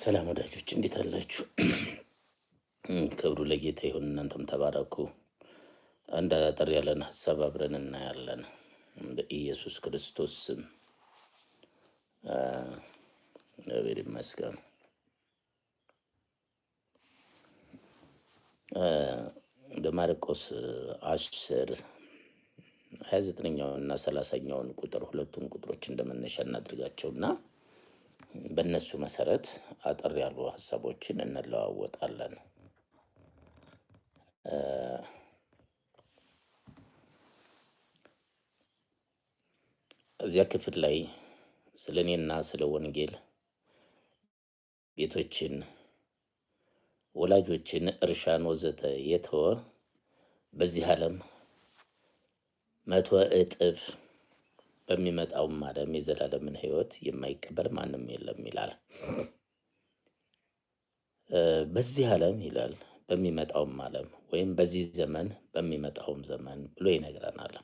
ሰላም ወዳጆች እንዴት አላችሁ? ክብሩ ለጌታ ይሁን። እናንተም ተባረኩ። አንድ አጠር ያለን ሀሳብ አብረን እናያለን። በኢየሱስ ክርስቶስ ስም እግዚአብሔር ይመስገን። በማርቆስ አስር ሀያ ዘጠነኛውን እና ሰላሳኛውን ቁጥር ሁለቱን ቁጥሮች እንደመነሻ እናድርጋቸውና በእነሱ መሰረት አጠር ያሉ ሀሳቦችን እንለዋወጣለን። እዚያ ክፍል ላይ ስለ እኔና ስለ ወንጌል ቤቶችን፣ ወላጆችን፣ እርሻን ወዘተ የተወ በዚህ ዓለም መቶ እጥፍ በሚመጣውም ማለም የዘላለምን ህይወት የማይቀበል ማንም የለም ይላል። በዚህ ዓለም ይላል በሚመጣውም ዓለም ወይም በዚህ ዘመን በሚመጣውም ዘመን ብሎ ይነግረናል።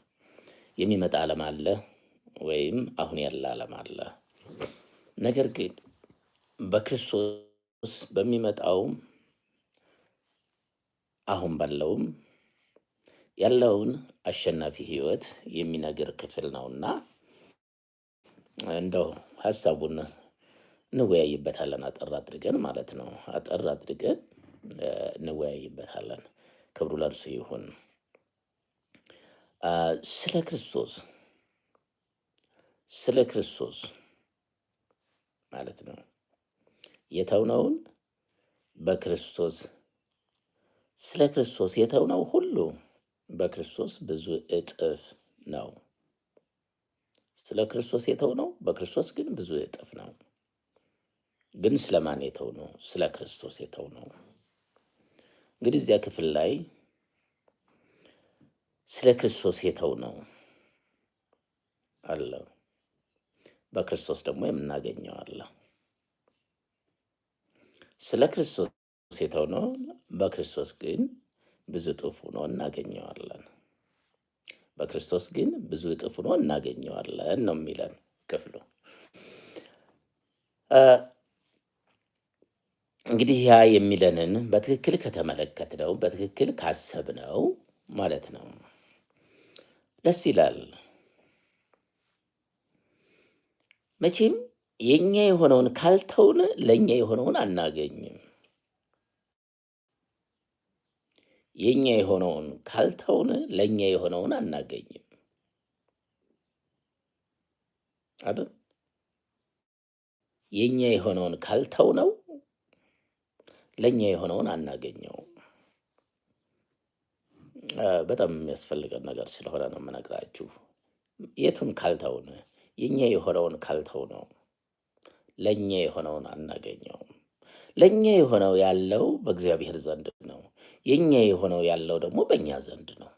የሚመጣ ዓለም አለ ወይም አሁን ያለ ዓለም አለ። ነገር ግን በክርስቶስ በሚመጣውም አሁን ባለውም ያለውን አሸናፊ ህይወት የሚነግር ክፍል ነውና እንደው ሀሳቡን እንወያይበታለን አጠር አድርገን ማለት ነው። አጠር አድርገን እንወያይበታለን። ክብሩ ለእርሱ ይሁን። ስለ ክርስቶስ ስለ ክርስቶስ ማለት ነው የተውነውን በክርስቶስ ስለ ክርስቶስ የተውነው ሁሉ በክርስቶስ ብዙ እጥፍ ነው። ስለ ክርስቶስ የተው ነው። በክርስቶስ ግን ብዙ እጥፍ ነው። ግን ስለ ማን የተው ነው? ስለ ክርስቶስ የተው ነው። እንግዲህ እዚያ ክፍል ላይ ስለ ክርስቶስ የተው ነው አለ። በክርስቶስ ደግሞ የምናገኘው አለ። ስለ ክርስቶስ የተው ነው፣ በክርስቶስ ግን ብዙ ጥፉ ነው እናገኘዋለን። በክርስቶስ ግን ብዙ እጥፍ ሆኖ እናገኘዋለን ነው የሚለን ክፍሉ። እንግዲህ ያ የሚለንን በትክክል ከተመለከትነው በትክክል ካሰብነው ማለት ነው ደስ ይላል። መቼም የእኛ የሆነውን ካልተውን ለእኛ የሆነውን አናገኝም። የእኛ የሆነውን ካልተውን ለእኛ የሆነውን አናገኝም አይደል? የእኛ የሆነውን ካልተው ነው ለእኛ የሆነውን አናገኘው። በጣም የሚያስፈልገን ነገር ስለሆነ ነው የምነግራችሁ። የቱን ካልተውን? የእኛ የሆነውን ካልተው ነው ለእኛ የሆነውን አናገኘውም። ለእኛ የሆነው ያለው በእግዚአብሔር ዘንድ ነው። የእኛ የሆነው ያለው ደግሞ በእኛ ዘንድ ነው።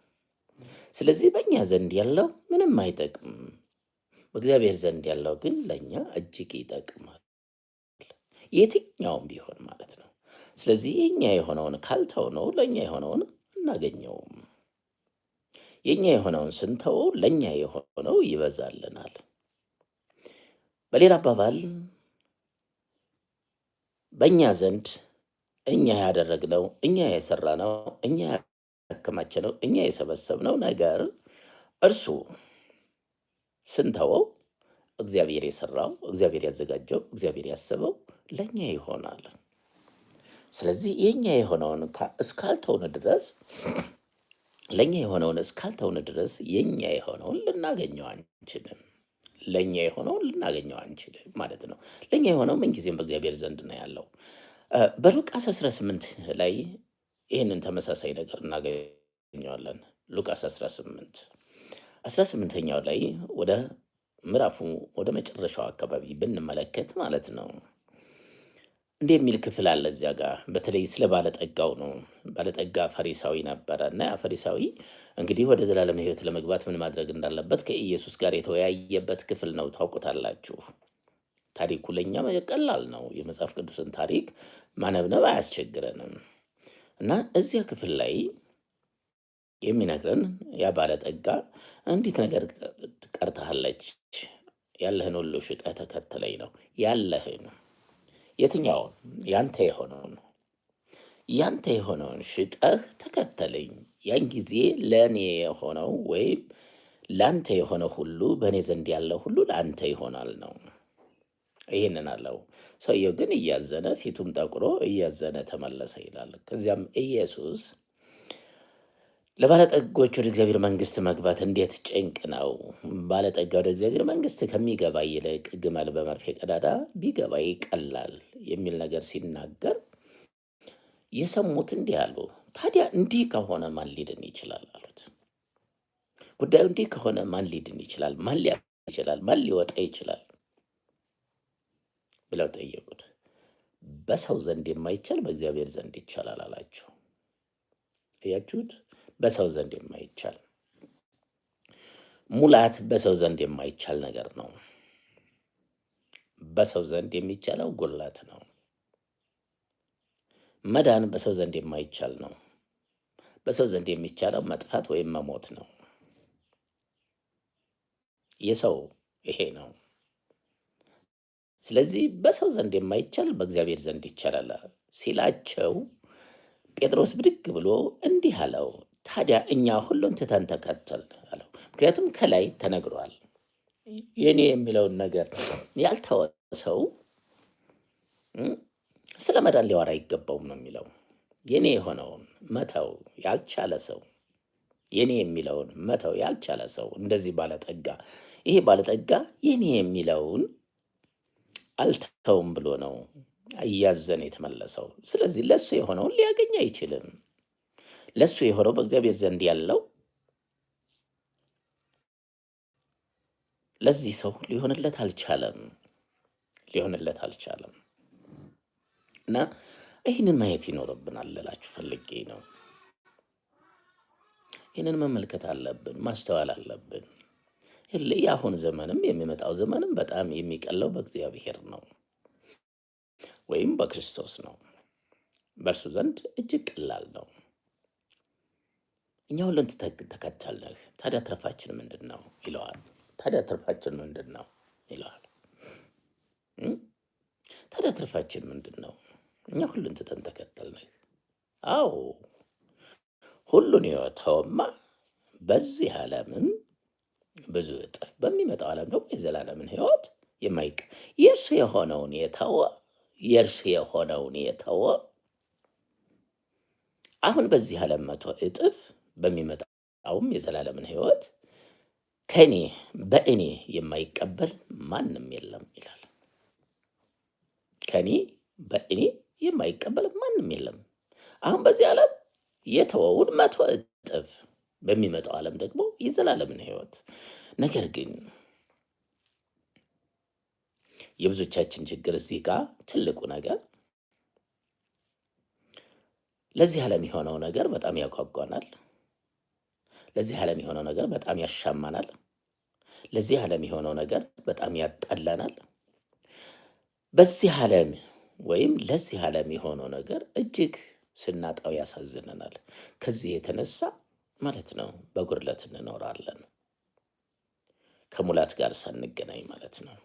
ስለዚህ በእኛ ዘንድ ያለው ምንም አይጠቅምም። በእግዚአብሔር ዘንድ ያለው ግን ለእኛ እጅግ ይጠቅማል፣ የትኛውም ቢሆን ማለት ነው። ስለዚህ የእኛ የሆነውን ነው ለእኛ የሆነውን አናገኘውም። የእኛ የሆነውን ስንተው ለእኛ የሆነው ይበዛልናል። በሌላ አባባል በእኛ ዘንድ እኛ ያደረግነው እኛ የሰራነው እኛ ያከማቸነው እኛ የሰበሰብነው ነገር እርሱ ስንተወው እግዚአብሔር የሰራው እግዚአብሔር ያዘጋጀው እግዚአብሔር ያሰበው ለእኛ ይሆናል። ስለዚህ የኛ የሆነውን እስካልተውን ድረስ ለእኛ የሆነውን እስካልተውን ድረስ የኛ የሆነውን ልናገኘው አንችልም። ለእኛ የሆነውን ልናገኘው አንችልም ማለት ነው። ለእኛ የሆነው ምንጊዜም በእግዚአብሔር ዘንድ ነው ያለው። በሉቃስ 18 ላይ ይህንን ተመሳሳይ ነገር እናገኘዋለን። ሉቃስ 18 18ኛው ላይ ወደ ምዕራፉ ወደ መጨረሻው አካባቢ ብንመለከት ማለት ነው እንዲህ የሚል ክፍል አለ እዚያ ጋር በተለይ ስለ ባለጠጋው ነው። ባለጠጋ ፈሪሳዊ ነበረ እና ያ ፈሪሳዊ እንግዲህ ወደ ዘላለም ሕይወት ለመግባት ምን ማድረግ እንዳለበት ከኢየሱስ ጋር የተወያየበት ክፍል ነው። ታውቁታላችሁ። ታሪኩ ለእኛ ቀላል ነው። የመጽሐፍ ቅዱስን ታሪክ ማነብነብ አያስቸግረንም እና እዚያ ክፍል ላይ የሚነግረን ያ ባለጠጋ ነገር ቀርታሃለች፣ ያለህን ሁሉ ሽጠህ ተከተለኝ ነው። ያለህን የትኛውን? ያንተ የሆነውን ያንተ የሆነውን ሽጠህ ተከተለኝ። ያን ጊዜ ለእኔ የሆነው ወይም ለአንተ የሆነ ሁሉ በእኔ ዘንድ ያለ ሁሉ ለአንተ ይሆናል ነው። ይህንን አለው። ሰውየው ግን እያዘነ ፊቱም ጠቁሮ እያዘነ ተመለሰ ይላል። ከዚያም ኢየሱስ ለባለጠጎች ወደ እግዚአብሔር መንግስት መግባት እንዴት ጭንቅ ነው! ባለጠጋ ወደ እግዚአብሔር መንግስት ከሚገባ ይልቅ ግመል በመርፌ ቀዳዳ ቢገባ ይቀላል የሚል ነገር ሲናገር የሰሙት እንዲህ አሉ። ታዲያ እንዲህ ከሆነ ማን ሊድን ይችላል? አሉት። ጉዳዩ እንዲህ ከሆነ ማን ሊድን ይችላል? ማን ሊያ ይችላል? ማን ሊወጣ ይችላል? ብለው ጠየቁት። በሰው ዘንድ የማይቻል በእግዚአብሔር ዘንድ ይቻላል አላቸው። እያችሁት በሰው ዘንድ የማይቻል ሙላት በሰው ዘንድ የማይቻል ነገር ነው። በሰው ዘንድ የሚቻለው ጎላት ነው። መዳን በሰው ዘንድ የማይቻል ነው። በሰው ዘንድ የሚቻለው መጥፋት ወይም መሞት ነው። የሰው ይሄ ነው። ስለዚህ በሰው ዘንድ የማይቻል በእግዚአብሔር ዘንድ ይቻላል ሲላቸው ጴጥሮስ ብድግ ብሎ እንዲህ አለው፣ ታዲያ እኛ ሁሉን ትተን ተከተል አለው። ምክንያቱም ከላይ ተነግሯል። የኔ የሚለውን ነገር ያልተወ ሰው ስለ መዳን ሊያወራ አይገባውም ነው የሚለው። የኔ የሆነውን መተው ያልቻለ ሰው የኔ የሚለውን መተው ያልቻለ ሰው እንደዚህ ባለጠጋ ይሄ ባለጠጋ የኔ የሚለውን አልተውም ብሎ ነው እያዘን የተመለሰው። ስለዚህ ለሱ የሆነውን ሊያገኝ አይችልም። ለሱ የሆነው በእግዚአብሔር ዘንድ ያለው ለዚህ ሰው ሊሆንለት አልቻለም፣ ሊሆንለት አልቻለም። እና ይህንን ማየት ይኖርብናል ልላችሁ ፈልጌ ነው። ይህንን መመልከት አለብን፣ ማስተዋል አለብን። የአሁን ዘመንም የሚመጣው ዘመንም በጣም የሚቀለው በእግዚአብሔር ነው ወይም በክርስቶስ ነው። በእርሱ ዘንድ እጅግ ቀላል ነው። እኛ ሁለን ተከተልንህ፣ ታዲያ ትርፋችን ምንድን ነው ይለዋል። ታዲያ ትርፋችን ምንድን ነው ይለዋል። ታዲያ ትርፋችን ምንድን ነው? እኛ ሁሉን ትተን ተከተልንህ። አዎ ሁሉን የወተውማ በዚህ ዓለምም ብዙ እጥፍ በሚመጣው ዓለም ደግሞ የዘላለምን ህይወት የማይቀ የእርሱ የሆነውን የተወ የእርሱ የሆነውን የተወ አሁን በዚህ ዓለም መቶ እጥፍ በሚመጣውም የዘላለምን ህይወት ከእኔ በእኔ የማይቀበል ማንም የለም ይላል። ከእኔ በእኔ የማይቀበል ማንም የለም። አሁን በዚህ ዓለም የተወውን መቶ እጥፍ በሚመጣው ዓለም ደግሞ የዘላለምን ህይወት ነገር ግን የብዙዎቻችን ችግር እዚህ ጋር ትልቁ ነገር ለዚህ ዓለም የሆነው ነገር በጣም ያጓጓናል። ለዚህ ዓለም የሆነው ነገር በጣም ያሻማናል። ለዚህ ዓለም የሆነው ነገር በጣም ያጣላናል። በዚህ ዓለም ወይም ለዚህ ዓለም የሆነው ነገር እጅግ ስናጣው ያሳዝነናል። ከዚህ የተነሳ ማለት ነው በጉድለት እንኖራለን ከሙላት ጋር ሳንገናኝ ማለት ነው።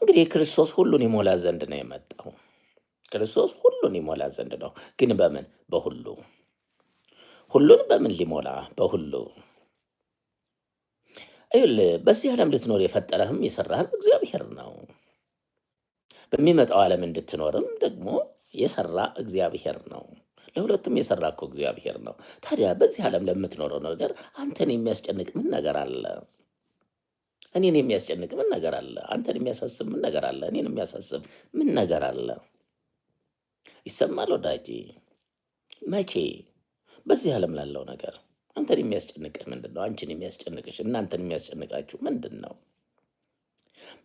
እንግዲህ ክርስቶስ ሁሉን ይሞላ ዘንድ ነው የመጣው። ክርስቶስ ሁሉን ይሞላ ዘንድ ነው። ግን በምን? በሁሉ። ሁሉን በምን ሊሞላ? በሁሉ። ይኸውልህ በዚህ ዓለም ልትኖር የፈጠረህም የሰራህም እግዚአብሔር ነው። በሚመጣው ዓለም እንድትኖርም ደግሞ የሰራ እግዚአብሔር ነው። ለሁለቱም የሰራ እኮ እግዚአብሔር ነው። ታዲያ በዚህ ዓለም ለምትኖረው ነገር አንተን የሚያስጨንቅ ምን ነገር አለ? እኔን የሚያስጨንቅ ምን ነገር አለ? አንተን የሚያሳስብ ምን ነገር አለ? እኔን የሚያሳስብ ምን ነገር አለ? ይሰማል ወዳጄ፣ መቼ በዚህ ዓለም ላለው ነገር አንተን የሚያስጨንቅህ ምንድን ነው? አንቺን የሚያስጨንቅሽ እናንተን የሚያስጨንቃችሁ ምንድን ነው?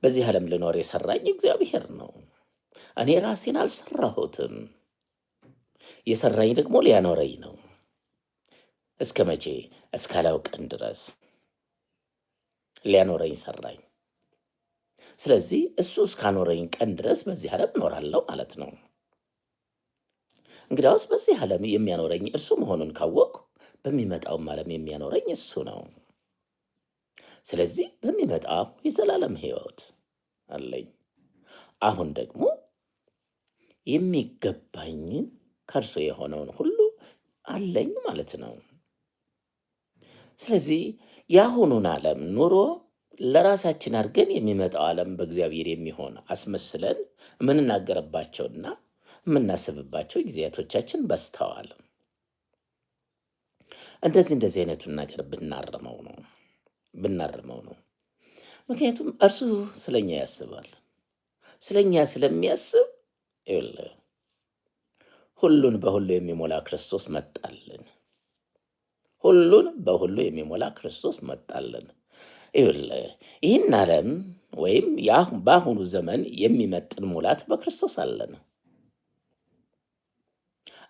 በዚህ ዓለም ልኖር የሰራኝ እግዚአብሔር ነው። እኔ ራሴን አልሰራሁትም። የሰራኝ ደግሞ ሊያኖረኝ ነው። እስከ መቼ? እስካላውቀን ድረስ ሊያኖረኝ ሰራኝ። ስለዚህ እሱ እስካኖረኝ ቀን ድረስ በዚህ ዓለም እኖራለሁ ማለት ነው። እንግዲያውስ በዚህ ዓለም የሚያኖረኝ እርሱ መሆኑን ካወቅኩ በሚመጣውም ዓለም የሚያኖረኝ እሱ ነው። ስለዚህ በሚመጣው የዘላለም ሕይወት አለኝ። አሁን ደግሞ የሚገባኝን ከእርሱ የሆነውን ሁሉ አለኝ ማለት ነው። ስለዚህ የአሁኑን ዓለም ኑሮ ለራሳችን አድርገን የሚመጣው ዓለም በእግዚአብሔር የሚሆን አስመስለን የምንናገርባቸውና የምናስብባቸው ጊዜያቶቻችን በስተዋል። እንደዚህ እንደዚህ አይነቱን ነገር ብናርመው ነው ብናርመው ነው። ምክንያቱም እርሱ ስለኛ ያስባል። ስለኛ ስለሚያስብ ይኸውልህ ሁሉን በሁሉ የሚሞላ ክርስቶስ መጣልን። ሁሉን በሁሉ የሚሞላ ክርስቶስ መጣልን። ይኸውልህ ይህን ዓለም ወይም በአሁኑ ዘመን የሚመጥን ሙላት በክርስቶስ አለን።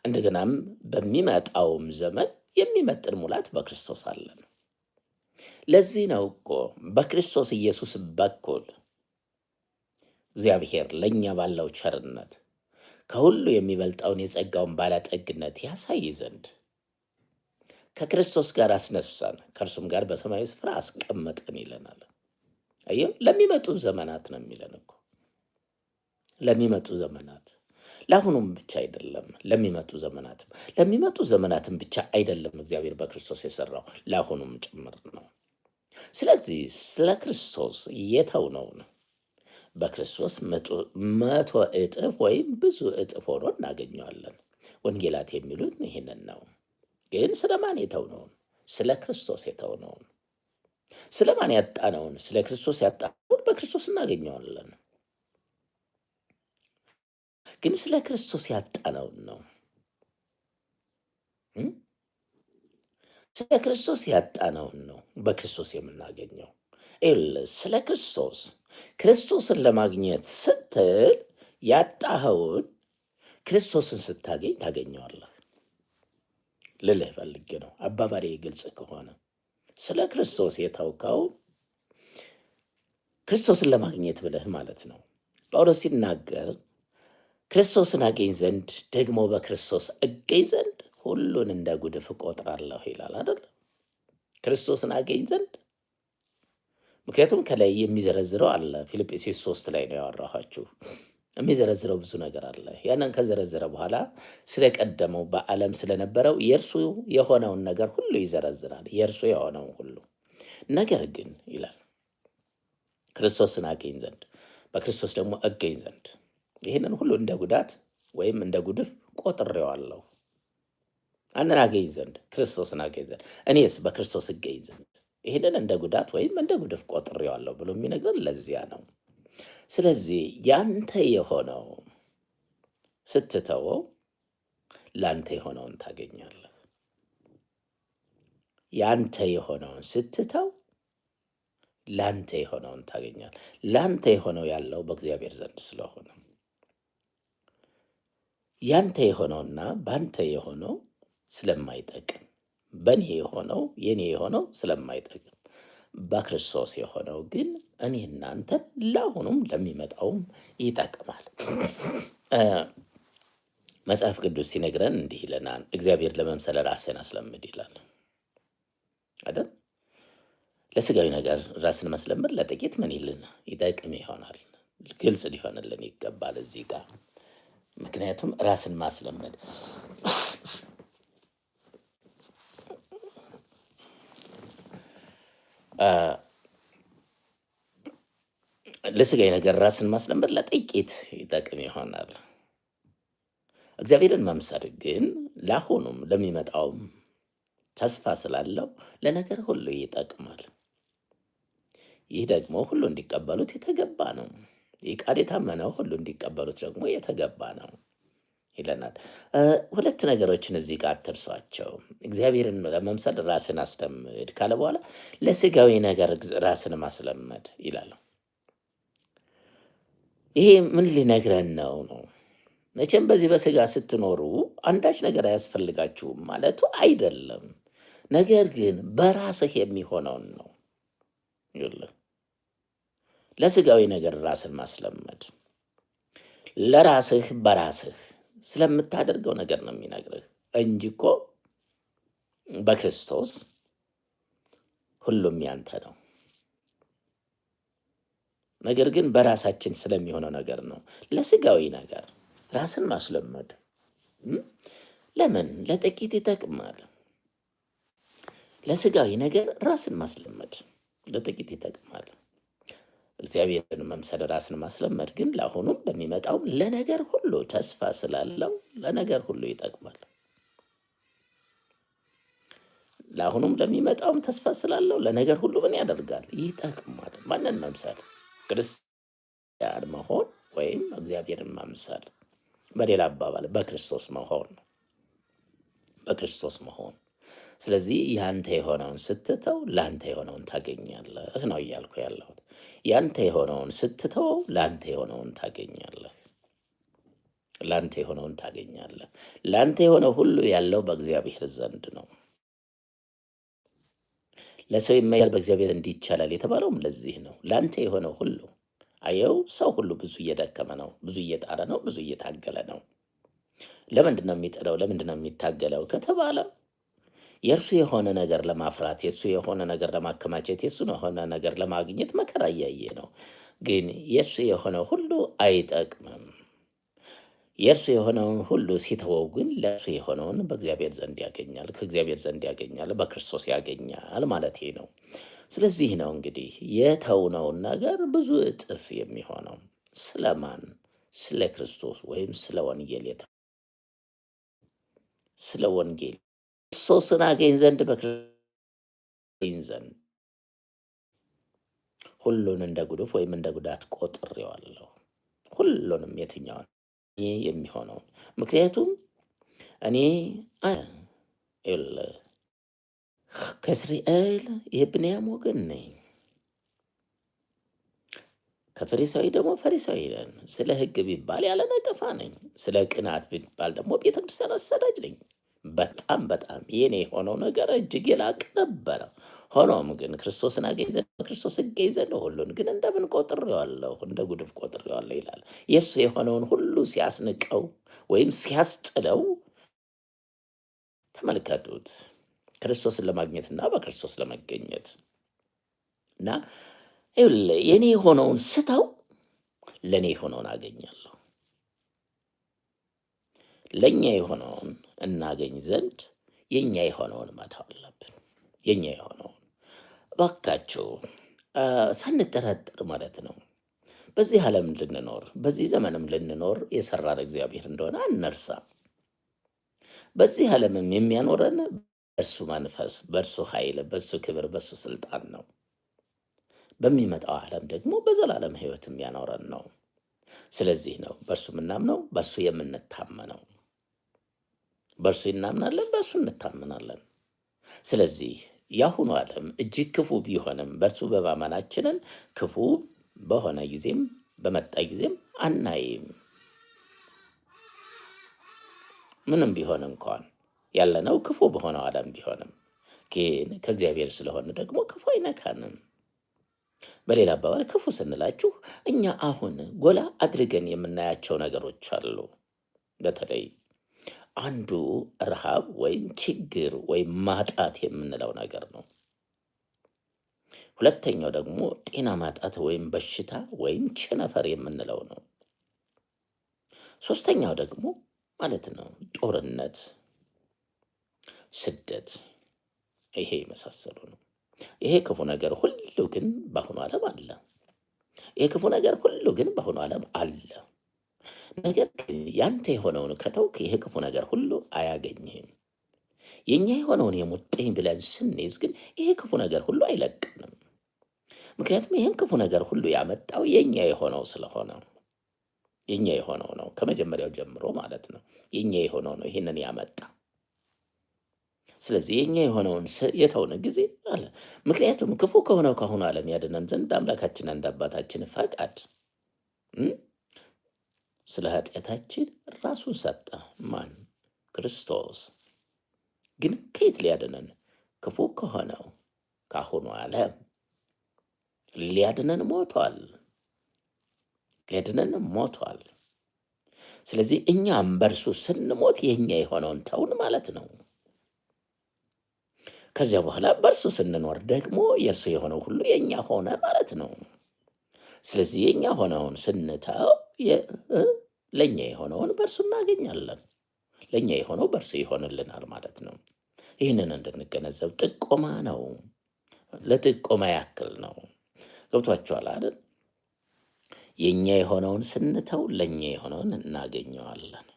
እንደገናም በሚመጣውም ዘመን የሚመጥን ሙላት በክርስቶስ አለን። ለዚህ ነው እኮ በክርስቶስ ኢየሱስ በኩል እግዚአብሔር ለእኛ ባለው ቸርነት ከሁሉ የሚበልጠውን የጸጋውን ባለጠግነት ያሳይ ዘንድ ከክርስቶስ ጋር አስነሳን፣ ከእርሱም ጋር በሰማያዊ ስፍራ አስቀመጠን ይለናል። አየው፣ ለሚመጡ ዘመናት ነው የሚለን እኮ ለሚመጡ ዘመናት ለአሁኑም ብቻ አይደለም፣ ለሚመጡ ዘመናትም ለሚመጡ ዘመናትም ብቻ አይደለም። እግዚአብሔር በክርስቶስ የሰራው ለአሁኑም ጭምር ነው። ስለዚህ ስለ ክርስቶስ የተው ነው ነው በክርስቶስ መቶ እጥፍ ወይም ብዙ እጥፍ ሆኖ እናገኘዋለን። ወንጌላት የሚሉት ይህንን ነው። ግን ስለ ማን የተውነውን? ስለ ክርስቶስ የተውነውን። ስለ ማን ያጣነውን? ስለ ክርስቶስ ያጣነውን በክርስቶስ እናገኘዋለን። ግን ስለ ክርስቶስ ያጣነውን ነው። ስለ ክርስቶስ ያጣነውን ነው በክርስቶስ የምናገኘው። ስለ ክርስቶስ ክርስቶስን ለማግኘት ስትል ያጣኸውን ክርስቶስን ስታገኝ ታገኘዋለህ ልልህ ፈልግ ነው። አባባሪ ግልጽ ከሆነ ስለ ክርስቶስ የታውካው ክርስቶስን ለማግኘት ብለህ ማለት ነው። ጳውሎስ ሲናገር ክርስቶስን አገኝ ዘንድ ደግሞ በክርስቶስ እገኝ ዘንድ ሁሉን እንደ ጉድፍ እቆጥራለሁ ይላል አይደል? ክርስቶስን አገኝ ዘንድ ምክንያቱም ከላይ የሚዘረዝረው አለ ፊልጵስዩስ ሶስት ላይ ነው ያወራኋችሁ የሚዘረዝረው ብዙ ነገር አለ። ያንን ከዘረዝረ በኋላ ስለቀደመው በዓለም ስለነበረው የእርሱ የሆነውን ነገር ሁሉ ይዘረዝራል። የእርሱ የሆነውን ሁሉ ነገር ግን ይላል ክርስቶስን አገኝ ዘንድ በክርስቶስ ደግሞ እገኝ ዘንድ ይህንን ሁሉ እንደ ጉዳት ወይም እንደ ጉድፍ ቆጥሬዋለሁ። አንን አገኝ ዘንድ ክርስቶስን አገኝ ዘንድ እኔስ በክርስቶስ እገኝ ዘንድ ይሄንን እንደ ጉዳት ወይም እንደ ጉድፍ ቆጥሬዋለሁ ብሎ የሚነግረን ለዚያ ነው። ስለዚህ ያንተ የሆነው ስትተወው ላንተ የሆነውን ታገኛለህ። ያንተ የሆነውን ስትተው ላንተ የሆነውን ታገኛለህ። ላንተ የሆነው ያለው በእግዚአብሔር ዘንድ ስለሆነ ያንተ የሆነውና በአንተ የሆነው ስለማይጠቅም በእኔ የሆነው የእኔ የሆነው ስለማይጠቅም በክርስቶስ የሆነው ግን እኔ እናንተን ለአሁኑም ለሚመጣውም ይጠቅማል። መጽሐፍ ቅዱስ ሲነግረን እንዲህ ይለናል፣ እግዚአብሔር ለመምሰል ራስን አስለምድ ይላል አይደል? ለስጋዊ ነገር ራስን መስለምድ ለጥቂት ምን ይልን ይጠቅም ይሆናል። ግልጽ ሊሆንልን ይገባል እዚህ ጋር ምክንያቱም ራስን ማስለመድ ለስጋዊ ነገር ራስን ማስለመድ ለጥቂት ይጠቅም ይሆናል። እግዚአብሔርን መምሰል ግን ለአሁኑም ለሚመጣውም ተስፋ ስላለው ለነገር ሁሉ ይጠቅማል። ይህ ደግሞ ሁሉ እንዲቀበሉት የተገባ ነው። ይህ ቃል የታመነው ሁሉ እንዲቀበሉት ደግሞ የተገባ ነው። ይለናል። ሁለት ነገሮችን እዚህ ጋር አትርሷቸው። እግዚአብሔርን ለመምሰል ራስን አስለምድ ካለ በኋላ ለስጋዊ ነገር ራስን ማስለመድ ይላል። ይሄ ምን ሊነግረን ነው ነው? መቼም በዚህ በስጋ ስትኖሩ አንዳች ነገር አያስፈልጋችሁም ማለቱ አይደለም። ነገር ግን በራስህ የሚሆነውን ነው። ለስጋዊ ነገር ራስን ማስለመድ ለራስህ በራስህ ስለምታደርገው ነገር ነው የሚነግርህ እንጂ እኮ በክርስቶስ ሁሉም ያንተ ነው። ነገር ግን በራሳችን ስለሚሆነው ነገር ነው። ለስጋዊ ነገር ራስን ማስለመድ ለምን ለጥቂት ይጠቅማል። ለስጋዊ ነገር ራስን ማስለመድ ለጥቂት ይጠቅማል። እግዚአብሔርን መምሰል ራስን ማስለመድ ግን ለአሁኑም ለሚመጣውም ለነገር ሁሉ ተስፋ ስላለው ለነገር ሁሉ ይጠቅማል። ለአሁኑም ለሚመጣውም ተስፋ ስላለው ለነገር ሁሉ ምን ያደርጋል? ይጠቅማል። ማንን መምሰል? ክርስቲያን መሆን ወይም እግዚአብሔርን መምሰል፣ በሌላ አባባል በክርስቶስ መሆን በክርስቶስ መሆን ስለዚህ ያንተ የሆነውን ስትተው ለአንተ የሆነውን ታገኛለህ ነው እያልኩ ያለሁት። ያንተ የሆነውን ስትተው ለአንተ የሆነውን ታገኛለህ፣ ለአንተ የሆነውን ታገኛለህ። ለአንተ የሆነ ሁሉ ያለው በእግዚአብሔር ዘንድ ነው። ለሰው የማይቻል በእግዚአብሔር እንዲህ ይቻላል የተባለውም ለዚህ ነው። ለአንተ የሆነ ሁሉ አየው። ሰው ሁሉ ብዙ እየደከመ ነው፣ ብዙ እየጣረ ነው፣ ብዙ እየታገለ ነው። ለምንድን ነው የሚጥረው? ለምንድን ነው የሚታገለው ከተባለ የእርሱ የሆነ ነገር ለማፍራት የእሱ የሆነ ነገር ለማከማቸት የእሱ የሆነ ነገር ለማግኘት መከራ እያየ ነው። ግን የእሱ የሆነ ሁሉ አይጠቅምም። የእርሱ የሆነውን ሁሉ ሲተወው ግን ለእርሱ የሆነውን በእግዚአብሔር ዘንድ ያገኛል፣ ከእግዚአብሔር ዘንድ ያገኛል፣ በክርስቶስ ያገኛል ማለት ነው። ስለዚህ ነው እንግዲህ የተውነውን ነገር ብዙ እጥፍ የሚሆነው ስለማን? ስለ ክርስቶስ ወይም ስለ ወንጌል የተ ስለ ወንጌል ክርስቶስን አገኝ ዘንድ በክርስቶስ ዘንድ ሁሉን እንደ ጉድፍ ወይም እንደ ጉዳት ቆጥሬዋለሁ። ሁሉንም የትኛውን የሚሆነው ምክንያቱም እኔ ከእስራኤል የብንያም ወገን ነኝ፣ ከፈሪሳዊ ደግሞ ፈሪሳዊ ነን። ስለ ሕግ ቢባል ያለ ነቀፋ ነኝ። ስለ ቅናት ቢባል ደግሞ ቤተክርስቲያን አሳዳጅ ነኝ። በጣም በጣም የኔ የሆነው ነገር እጅግ የላቅ ነበረ። ሆኖም ግን ክርስቶስን አገኝ ዘንድ ክርስቶስ እገኝ ዘንድ ሁሉን ግን እንደምን ቆጥሬዋለሁ፣ እንደ ጉድፍ ቆጥሬዋለሁ ይላል። የእርሱ የሆነውን ሁሉ ሲያስንቀው ወይም ሲያስጥለው ተመልከቱት። ክርስቶስን ለማግኘትና በክርስቶስ ለመገኘት እና ይኸውልህ የእኔ የሆነውን ስተው ለእኔ የሆነውን አገኛለሁ ለእኛ የሆነውን እናገኝ ዘንድ የእኛ የሆነውን መተው አለብን። የእኛ የሆነውን ባካችሁ ሳንጠረጠር ማለት ነው። በዚህ ዓለም ልንኖር በዚህ ዘመንም ልንኖር የሰራን እግዚአብሔር እንደሆነ አንርሳ። በዚህ ዓለምም የሚያኖረን በእርሱ መንፈስ፣ በእርሱ ኃይል፣ በእሱ ክብር፣ በእሱ ስልጣን ነው። በሚመጣው ዓለም ደግሞ በዘላለም ሕይወት የሚያኖረን ነው። ስለዚህ ነው በእርሱ የምናምነው፣ በእርሱ የምንታመነው። በእርሱ እናምናለን፣ በእርሱ እንታምናለን። ስለዚህ የአሁኑ ዓለም እጅግ ክፉ ቢሆንም በእርሱ በማመናችንን ክፉ በሆነ ጊዜም በመጣ ጊዜም አናይም። ምንም ቢሆን እንኳን ያለነው ክፉ በሆነው ዓለም ቢሆንም ግን ከእግዚአብሔር ስለሆነ ደግሞ ክፉ አይነካንም። በሌላ አባባል ክፉ ስንላችሁ እኛ አሁን ጎላ አድርገን የምናያቸው ነገሮች አሉ በተለይ አንዱ ረሃብ ወይም ችግር ወይም ማጣት የምንለው ነገር ነው። ሁለተኛው ደግሞ ጤና ማጣት ወይም በሽታ ወይም ቸነፈር የምንለው ነው። ሶስተኛው ደግሞ ማለት ነው ጦርነት፣ ስደት፣ ይሄ የመሳሰሉ ነው። ይሄ ክፉ ነገር ሁሉ ግን በአሁኑ ዓለም አለ። ይሄ ክፉ ነገር ሁሉ ግን በአሁኑ ዓለም አለ። ነገር ግን ያንተ የሆነውን ከተውክ ይህ ክፉ ነገር ሁሉ አያገኝህም። የእኛ የሆነውን የሙጥኝ ብለን ስንይዝ ግን ይህ ክፉ ነገር ሁሉ አይለቅንም። ምክንያቱም ይህን ክፉ ነገር ሁሉ ያመጣው የእኛ የሆነው ስለሆነ የእኛ የሆነው ነው። ከመጀመሪያው ጀምሮ ማለት ነው። የእኛ የሆነው ነው ይህንን ያመጣ። ስለዚህ የእኛ የሆነውን የተውን ጊዜ አለ። ምክንያቱም ክፉ ከሆነው ከአሁኑ ዓለም ያድነን ዘንድ አምላካችን አንድ አባታችን ፈቃድ ስለ ኃጢአታችን ራሱን ሰጠ። ማን? ክርስቶስ። ግን ከየት ሊያድነን? ክፉ ከሆነው ከአሁኑ ዓለም ሊያድነን ሞቷል። ሊያድነን ሞቷል። ስለዚህ እኛም በእርሱ ስንሞት የእኛ የሆነውን ተውን ማለት ነው። ከዚያ በኋላ በእርሱ ስንኖር ደግሞ የእርሱ የሆነው ሁሉ የእኛ ሆነ ማለት ነው። ስለዚህ የኛ ሆነውን ስንተው ለእኛ የሆነውን በእርሱ እናገኛለን። ለእኛ የሆነው በእርሱ ይሆንልናል ማለት ነው። ይህንን እንድንገነዘብ ጥቆማ ነው። ለጥቆማ ያክል ነው። ገብቷችኋል አይደል? የእኛ የሆነውን ስንተው ለእኛ የሆነውን እናገኘዋለን።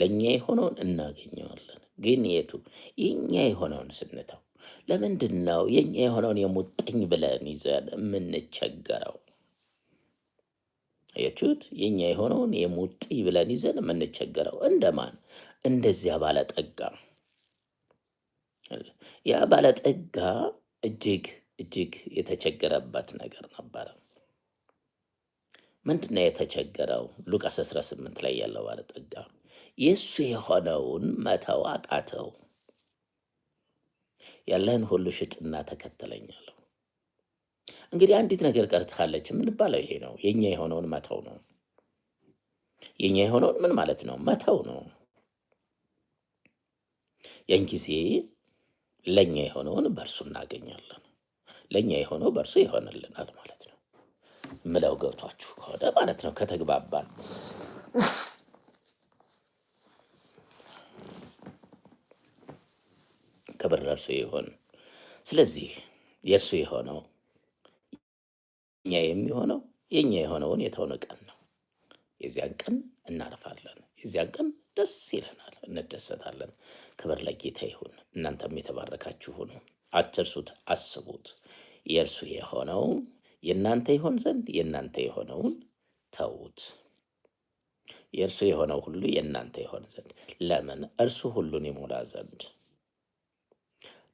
ለእኛ የሆነውን እናገኘዋለን። ግን የቱ የእኛ የሆነውን ስንተው ለምንድን ነው የኛ የሆነውን የሙጥኝ ብለን ይዘን የምንቸገረው? አያችሁት? የኛ የሆነውን የሙጥኝ ብለን ይዘን የምንቸገረው እንደማን? እንደዚያ ባለጠጋ። ያ ባለጠጋ እጅግ እጅግ የተቸገረበት ነገር ነበረ። ምንድን ነው የተቸገረው? ሉቃስ 18 ላይ ያለው ባለጠጋ የእሱ የሆነውን መተው አቃተው። ያለህን ሁሉ ሽጥና ተከተለኛለሁ። እንግዲህ አንዲት ነገር ቀርታለች የምንባለው ይሄ ነው። የኛ የሆነውን መተው ነው። የኛ የሆነውን ምን ማለት ነው? መተው ነው። ያን ጊዜ ለእኛ የሆነውን በእርሱ እናገኛለን። ለእኛ የሆነው በእርሱ ይሆንልናል ማለት ነው። ምለው ገብቷችሁ ከሆነ ማለት ነው ከተግባባን ክብር ለእርሱ ይሁን። ስለዚህ የእርሱ የሆነው እኛ የሚሆነው የእኛ የሆነውን የተሆነ ቀን ነው። የዚያን ቀን እናርፋለን። የዚያን ቀን ደስ ይለናል፣ እንደሰታለን። ክብር ለጌታ ይሁን። እናንተም የተባረካችሁ ሁኑ። አትርሱት፣ አስቡት። የእርሱ የሆነው የእናንተ ይሆን ዘንድ የእናንተ የሆነውን ተዉት። የእርሱ የሆነው ሁሉ የእናንተ ይሆን ዘንድ ለምን? እርሱ ሁሉን ይሞላ ዘንድ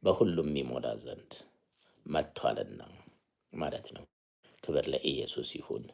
በሁሉም ይሞላ ዘንድ መጥቷልና ማለት ነው። ክብር ለኢየሱስ ይሁን።